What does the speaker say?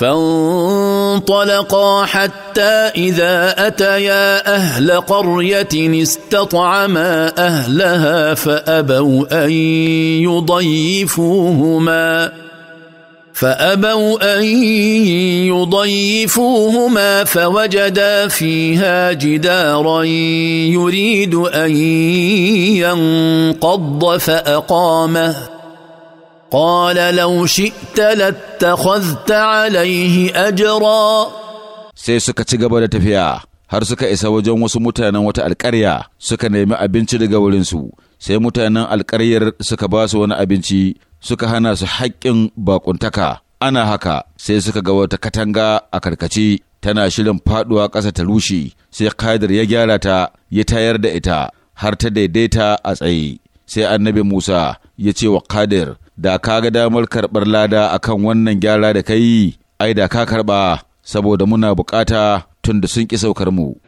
فانطلقا حتى اذا اتيا اهل قريه استطعما اهلها فابوا ان يضيفوهما فابوا ان يضيفوهما فوجدا فيها جدارا يريد ان ينقض فاقامه قال لو شئت لاتخذت عليه أجرا sai suka ci gaba da tafiya har suka isa wajen wasu mutanen wata alkarya suka nemi abinci daga wurinsu sai mutanen alkaryar suka ba su wani abinci suka hana su haƙƙin bakuntaka ana haka sai suka ga wata katanga a karkace tana shirin faɗuwa ƙasa ta rushe sai kadir ya gyara ta ya tayar da ita har ta daidaita a tsaye sai annabi musa ya ce wa kadir da ka ga damar karɓar lada akan wannan gyara da ka yi, ai da ka karɓa saboda muna bukata tun da sun ƙi saukar mu.